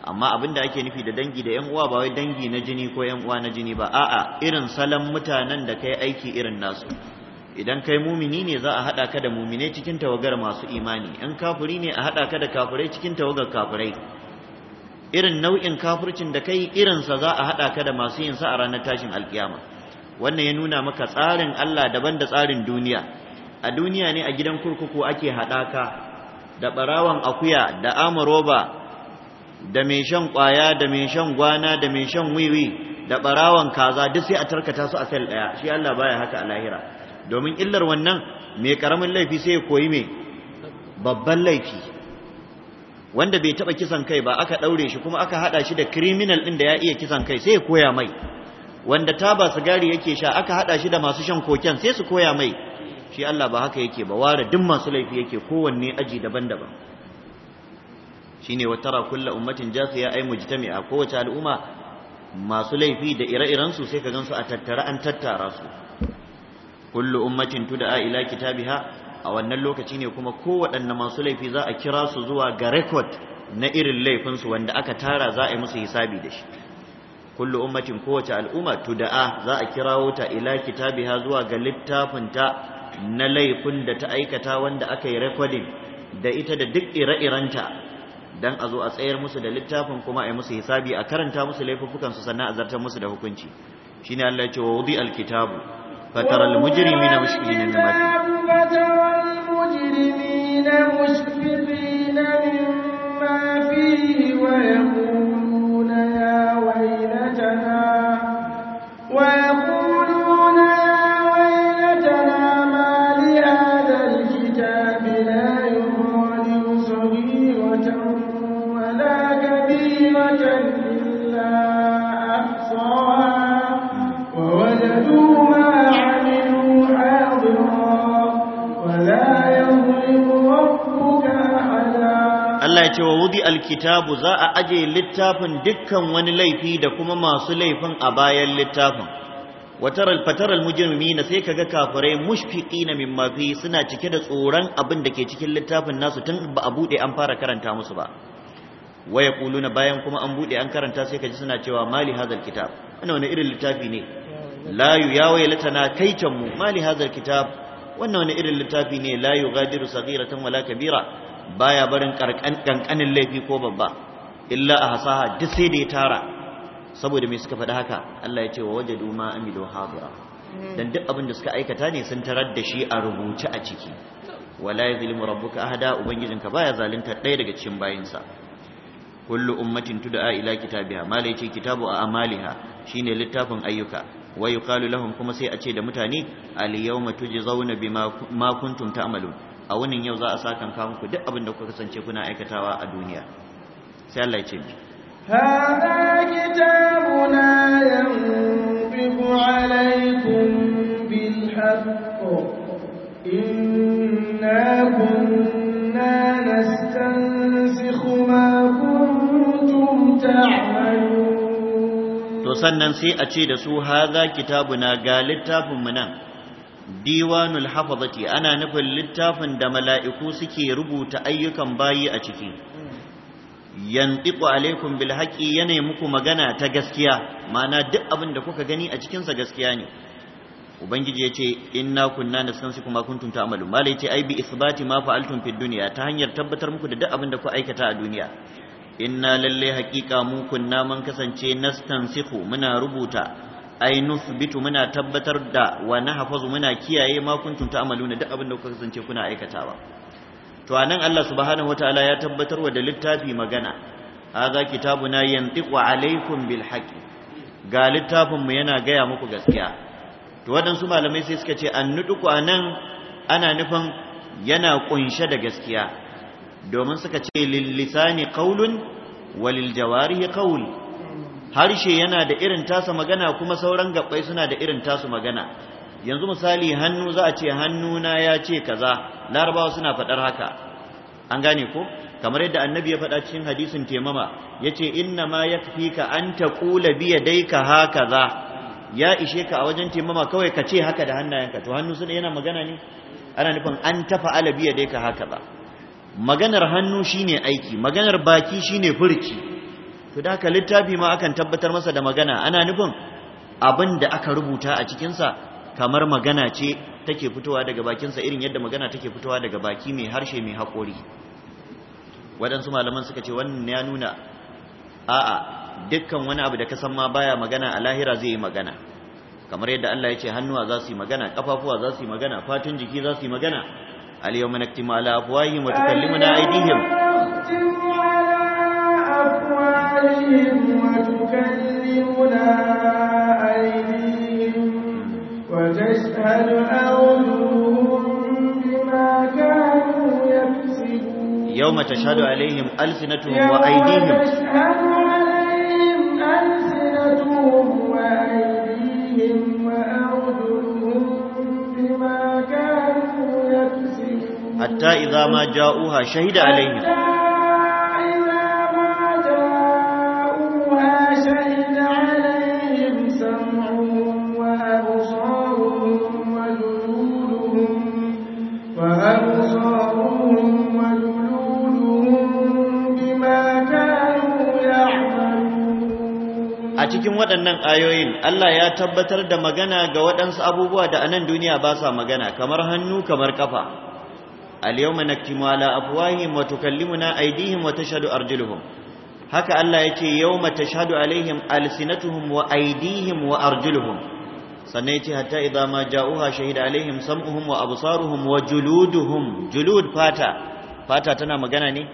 amma abin da ake nufi da dangi da ƴan uwa ba wai dangi na jini ko ƴan uwa na jini ba a'a irin salon mutanen da kai aiki irin nasu idan kai mumini ne za a haɗa ka da mumine cikin tawagar masu imani in kafiri ne a haɗa ka da kafirai cikin tawagar kafirai irin nau'in kafircin da kai irinsa za a haɗa ka da masu sa a ranar tashin alkiyama wannan ya nuna maka tsarin Allah daban da tsarin duniya a duniya ne a gidan kurkuku ake haɗaka da ɓarawan akuya da amuroba, da mai shan ƙwaya da mai shan gwana da mai shan wiwi da ɓarawan kaza duk sai a tarkata su a sel ɗaya shi Allah baya haka a lahira domin illar wannan mai ƙaramin laifi sai ya koyi mai babban laifi wanda bai taɓa kisan kai ba aka ɗaure shi kuma aka haɗa shi da criminal ɗin da ya iya kisan kai sai ya koya mai wanda taba sigari yake sha aka haɗa shi da masu shan koken sai su koya mai shi Allah ba haka yake ba ware duk masu laifi yake kowanne aji daban-daban shine wa tara kullu ummatin jathiya ay mujtami'a kowace al'umma masu laifi da ire-iren su sai ka gansu a tattara an tattara su kullu ummatin tud'a ila kitabiha a wannan lokaci ne kuma kowaɗanne masu laifi za a kira su zuwa ga record na irin laifin su wanda aka tara za a yi musu hisabi da shi kullu ummatin kowace al'umma tud'a za a kirawo ta ila kitabiha zuwa ga littafin ta. na laifin da ta aikata wanda aka yi rekodin da ita da duk ire-irenta don a zo a tsayar musu da littafin kuma a yi musu hisabi a karanta musu laifukansu sannan a zartar musu da hukunci shi ne Allah ce wa wudi alkitabu fatar almujirimi na mushkili mafi Allah ce wa wudi alkitabu za a aje littafin dukkan wani laifi da kuma masu laifin a bayan littafin wataral almujirmi na sai kaga kafirai mushfiqina na fi suna cike da tsoron abin da ke cikin littafin nasu tun ba a bude an fara karanta musu ba wa yaquluna bayan kuma an bude an karanta sai kaji suna cewa mali hadal kitab ana wani irin littafi ne la yuyawa latana kaitan mu mali hadal kitab wannan wani irin littafi ne la yughadiru saghiratan wala kabira baya barin kankanin laifi ko babba illa a hasaha duk sai da ya tara saboda mai suka faɗi haka Allah ya ce wa wajadu ma amilu hadira hmm. dan duk abin da suka aikata ne sun tarar da shi a rubuce a ciki wala yuzlimu rabbuka ahada ubangijinka baya zalunta ɗaya daga cikin bayansa. kullu ummatin tud'a ila kitabiha malai ce kitabu a amaliha shine littafin ayyuka wa yuqalu lahum kuma sai a ce da mutane al yawma tujzauna bima ma kuntum ta'malun a wunin yau za a sa kawo muku duk abin da kuka kasance kuna aikatawa a duniya sai Allah ya ce mu kitabuna yanbiqu alaykum bil haqq inna kunna nastansikhu ma kuntum ta'malun to sannan sai a ce da su haza kitabuna ga littafin mu nan diwanul hafazati ana nufin littafin da mala'iku suke rubuta ayyukan bayi a ciki yantiqu alaikum bil haqqi yana muku magana ta gaskiya mana duk abin da kuka gani a cikinsa sa gaskiya ne ubangiji yace inna kunna su kuma kuntum ta'malu malai yace ai bi isbati ma fa'altum fid dunya ta hanyar tabbatar muku da duk abin da ku aikata a duniya inna lalle haqiqa mu kunna mun kasance nastansihu muna rubuta ai nuthbitu muna tabbatar da wa nahfazu muna kiyaye ma kuntum ta'maluna duk abin da kuka kasance kuna aikatawa to anan Allah subhanahu wataala ya tabbatar wa da littafi magana hadha kitabuna yantiqu alaykum bil haqq ga littafin mu yana gaya muku gaskiya to waɗansu malamai sai suka ce annuduku anan ana nufin yana kunshe da gaskiya domin suka ce lil lisani qawlun walil jawarihi qawl harshe yana da irin tasa magana kuma sauran gabbai suna da irin tasu magana yanzu misali hannu za a ce hannuna ya ce kaza larabawa suna faɗar haka an gane ko kamar yadda annabi ya faɗa cikin hadisin temama yace inna ma yakfika an taqula bi yadayka za. ya ishe ka a wajen temama kawai ka ce haka da hannayenka to hannu suna yana magana ne ana nufin an tafa ka yadayka za. maganar hannu shine aiki maganar baki shine furci to da littafi ma akan tabbatar masa da magana ana nufin abin da aka rubuta a cikinsa kamar magana ce take fitowa daga bakinsa irin yadda magana take fitowa daga baki mai harshe mai haƙori waɗansu malaman suka ce wannan ya nuna a'a dukkan wani abu da ka san ma baya magana a lahira zai yi magana kamar yadda Allah ya ce hannuwa za su yi magana kafafuwa za su yi magana fatun jiki za su yi magana al yawma naktimu ala afwahihim wa tukallimuna aydihim وتكلمنا أيديهم وتشهد بما كانوا يوم تشهد عليهم ألسنتهم وأيديهم يوم تشهد عليهم ألسنتهم وأيديهم بما كانوا حتى إذا ما جاءوها شهد عليهم waɗannan ayoyin Allah ya tabbatar da magana ga waɗansu abubuwa da anan duniya ba sa magana kamar hannu kamar kafa al-yawma naktimu ala afwahihim wa tukallimuna aydihim wa tashhadu arjuluhum haka Allah yake yawma tashhadu alaihim alsinatuhum wa aydihim wa arjuluhum sannan yace hatta idza ma ja'uha shahida alaihim sam'uhum wa absaruhum wa juluduhum julud fata fata tana magana ne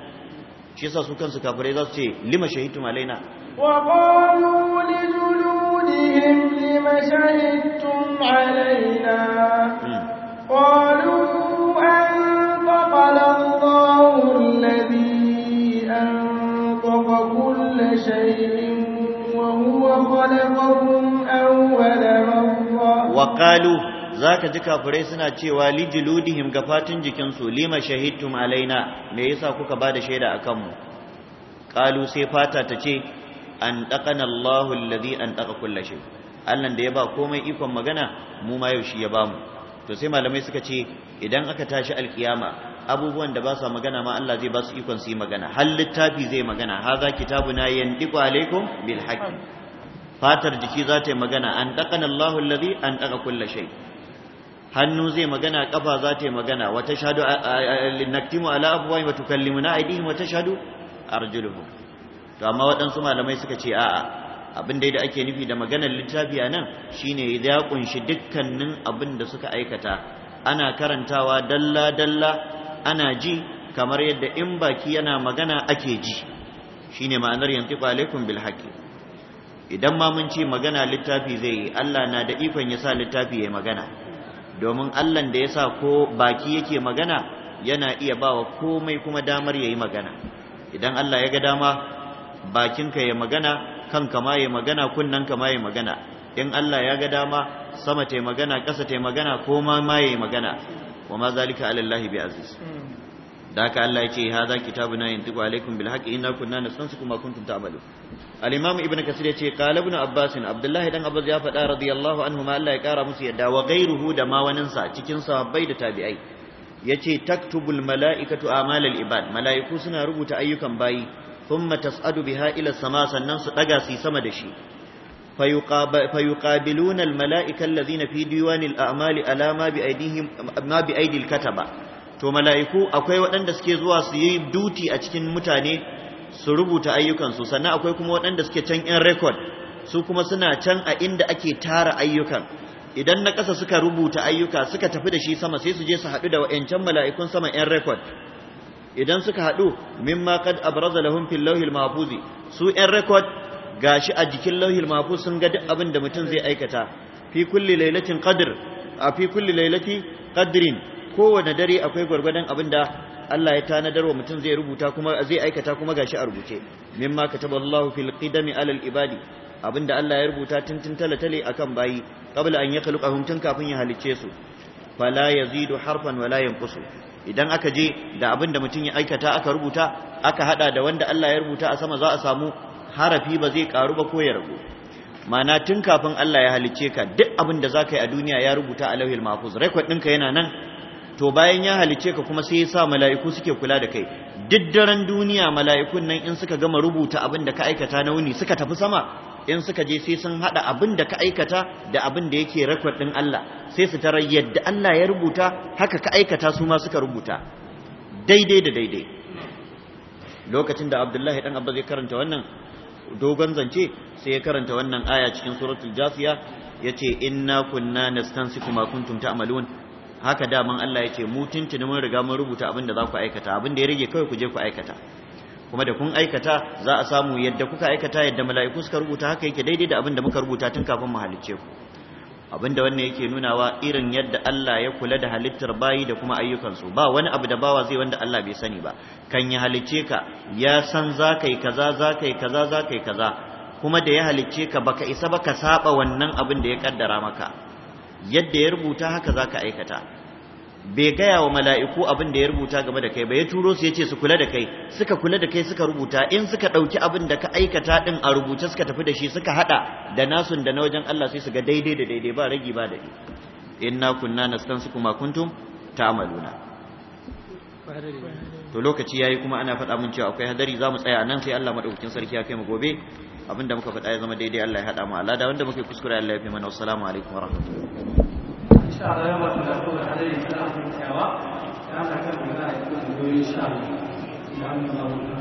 shi yasa su kansu kafirai za su ce lima shahidtum alaina وقالوا لجلودهم لم شهدتم علينا قالوا أنطق الله الذي أنطق كل شيء وهو خلقكم أول مرة وقالوا zaka ji kafirai suna cewa li juludihim ga fatin jikinsu lima shahidtum alaina me yasa kuka bada shaida akan mu qalu sai fata ta ce an taqana Allahu an ɗaƙa kullashe shay Allah da ya ba komai ikon magana mu ma yau shi ya bamu to sai malamai suka ce idan aka tashi alkiyama abubuwan da ba sa magana ma Allah zai ba su ikon su yi magana har littafi zai magana haza kitabuna yandiqu alaikum bil haqqi fatar jiki za ta yi magana an taqana Allahu an ɗaƙa kulli hannu zai magana kafa za ta yi magana wa tashhadu naktimu ala abwai wa tukallimuna aydihim wata tashhadu arjuluhum to amma waɗansu malamai suka ce a'a abin da ake nufi da maganar littafi a nan shine ya kunshi dukkanin abin da suka aikata ana karantawa dalla dalla ana ji kamar yadda in baki yana magana ake ji shine ma'anar yantiqu alaikum bil haqi idan ma mun ce magana littafi zai yi Allah na da ikon ya sa littafi ya magana domin Allah da ya sa ko baki yake magana yana iya bawa komai kuma damar yayi magana idan Allah ya ga dama bakinka ya magana kanka ma ya magana kunnanka ma ya magana in Allah ya ga dama sama ta magana ƙasa ta magana ko ma ma ya magana wa ma zalika ala Allah bi aziz da Allah ya ce hadha kitabuna yantiqu alaikum bil haqi inna kunna nasansu kuma kuntum ta'malu al imam ibnu kasir ya ce qala ibn abbas abdullahi dan abbas ya faɗa radiyallahu anhu ma Allah ya kara musu yadda wa ghayruhu da ma sa cikin sahabbai da tabi'ai yace taktubul mala'ikatu a'malal ibad mala'iku suna rubuta ayyukan bayi thumma tas'adu biha ila sama sannan su daga su sama da shi fayuqabiluna almala'ika alladhina fi diwanil a'mali ala ma bi aydihim to mala'iku akwai waɗanda suke zuwa su yi duty a cikin mutane su rubuta ayyukansu sannan akwai kuma waɗanda suke can in record su kuma suna can a inda ake tara ayyukan idan na ƙasa suka rubuta ayyuka suka tafi da shi sama sai su je su haɗu da wa'yancan mala'ikun sama 'yan rekod idan suka haɗu mimma kad abraza lahum fil lawhil mahfuz su ɗan record gashi a jikin lawhil mahfuz sun ga duk abin da mutum zai aikata fi kulli lailatin qadr a fi kulli lailati qadrin kowane dare akwai gwargwadon abin da Allah ya tanadar wa mutum zai rubuta kuma zai aikata kuma gashi a rubuce mimma Allahu fil qidami alal ibadi abinda Allah ya rubuta tintin talatale akan bayi qabla an yakhluqahum tun kafin ya halicce su fala yazidu harfan wala yanqusu idan aka je da abin da mutum ya aikata aka rubuta aka hada da wanda Allah ya rubuta a sama za a samu harafi ba zai karu ba ko ya mana tun kafin Allah ya halicce ka duk abin da zaka yi a duniya ya rubuta a lauhil mahfuz record ɗinka yana nan to bayan ya halicce ka kuma sai ya sa mala'iku suke kula da kai duk daren duniya mala'ikun nan in suka gama rubuta abin da ka aikata na wuni suka tafi sama in suka je sai sun hada abin da ka aikata da abin da yake record din Allah sai su tarar yadda Allah ya rubuta haka ka aikata su ma suka rubuta daidai da daidai lokacin da Abdullahi dan Abba zai karanta wannan dogon zance sai ya karanta wannan aya cikin suratul jasiya yace inna kunna nastansiku ma kuntum ta'malun haka daman Allah yace mu tuntuni mun riga mun rubuta abin da za ku aikata abin da ya rage kawai ku je ku aikata kuma da kun aikata za a samu yadda kuka aikata yadda mala'iku suka rubuta haka yake daidai da abin da muka rubuta tun kafin mu halicce ku abin da wannan yake nunawa irin yadda Allah ya kula da halittar bayi da kuma ayyukansu ba wani abu da bawa zai wanda Allah bai sani ba kan ya halicce ka ya san za ka yi kaza za ka yi kaza za ka kaza kuma da ya halicce ka baka isa ba ka saba wannan abin da ya kaddara maka yadda ya rubuta haka za ka aikata bai gaya wa mala'iku abin da ya rubuta game da kai ba ya turo su ya ce su kula da kai suka kula da kai suka rubuta in suka ɗauki abin da ka aikata ɗin a rubuce suka tafi da shi suka haɗa da nasun da na wajen Allah sai su ga daidai da daidai ba ragi ba da na kunna na su kuma kuntum amaluna to lokaci yayi kuma ana faɗa mun cewa akwai hadari mu tsaya nan sai Allah madaukakin sarki ya kai mu gobe da muka faɗa ya zama daidai Allah ya haɗa mu alada wanda muke kuskure Allah ya fi mana assalamu alaikum rahmatullahi insha Allah yau masu da kuma hadarin da da da za a yi kuma da